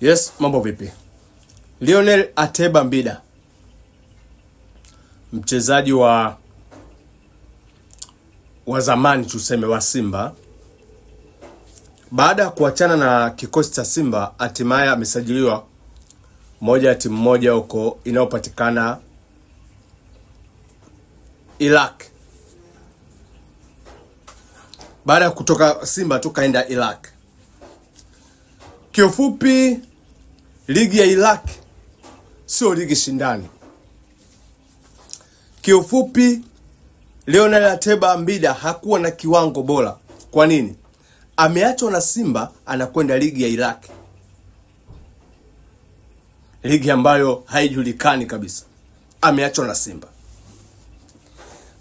Yes, mambo vipi? Lionel Ateba Mbida mchezaji wa wa zamani tuseme wa Simba, baada ya kuachana na kikosi cha Simba, hatimaye amesajiliwa moja ya timu moja huko inayopatikana Iraq. Baada ya kutoka Simba tu kaenda Iraq. Kiufupi Ligi ya Iraq sio ligi shindani. Kiufupi, Leonel Ateba Mbida hakuwa na kiwango bora. Kwa nini? Ameachwa na Simba, anakwenda ligi ya Iraq, ligi ambayo haijulikani kabisa. Ameachwa na Simba.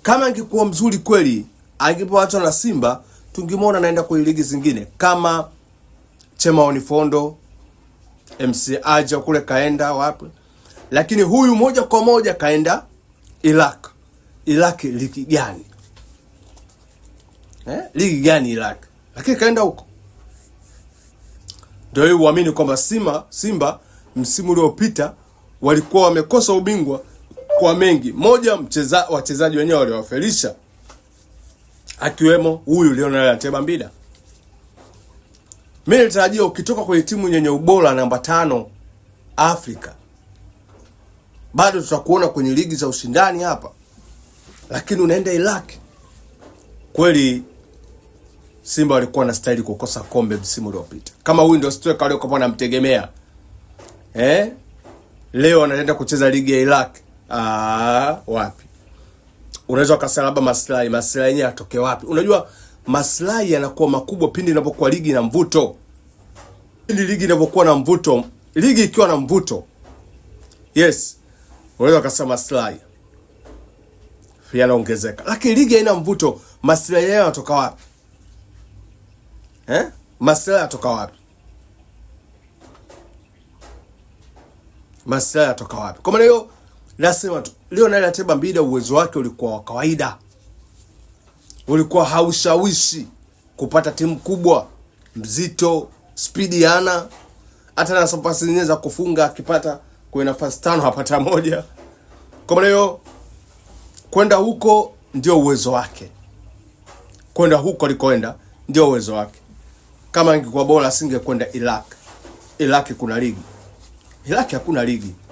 Kama angekuwa mzuri kweli, angepoachwa na Simba tungemwona anaenda kwenye ligi zingine kama Chemaoni Fondo MC Aja kule kaenda wapi, lakini huyu moja kwa moja kaenda Iraq. Iraq ligi gani eh? ligi gani Iraq? Lakini kaenda huko, ndio hiyo uamini kwamba Simba, Simba msimu uliopita walikuwa wamekosa ubingwa kwa mengi moja, mcheza wachezaji wenyewe waliwafelisha, akiwemo huyu Lionel Ateba Mbida. Mimi nilitarajia ukitoka kwenye timu yenye ubora namba tano Afrika, bado tutakuona kwenye ligi za ushindani hapa, lakini unaenda Iraq. Kweli Simba walikuwa na staili kukosa kombe msimu uliopita. Kama huyu ndio striker aliyekuwa wanamtegemea eh, leo anaenda kucheza ligi ya Iraq. Ah, wapi unaweza ukasema labda maslahi maslahi yenyewe atoke wapi? Unajua maslahi yanakuwa makubwa pindi inapokuwa ligi na mvuto. Pindi ligi inapokuwa na mvuto, ligi ikiwa na mvuto, yes, unaweza kusema maslahi yanaongezeka, lakini ligi haina mvuto, maslahi yao yanatoka wapi eh? Maslahi yanatoka wapi? Maslahi yanatoka wapi? Kwa maana hiyo, nasema tu leo na ratiba mbili, uwezo wake ulikuwa wa kawaida ulikuwa haushawishi kupata timu kubwa mzito, spidi ana hata na nafasi nyingine za kufunga, akipata kwenye nafasi tano hapata moja. Kwa maana hiyo kwenda huko ndio uwezo wake, kwenda huko alikoenda ndio uwezo wake. Kama ingekuwa bora asingekwenda Iraq. Iraq kuna ligi, Iraq hakuna ligi.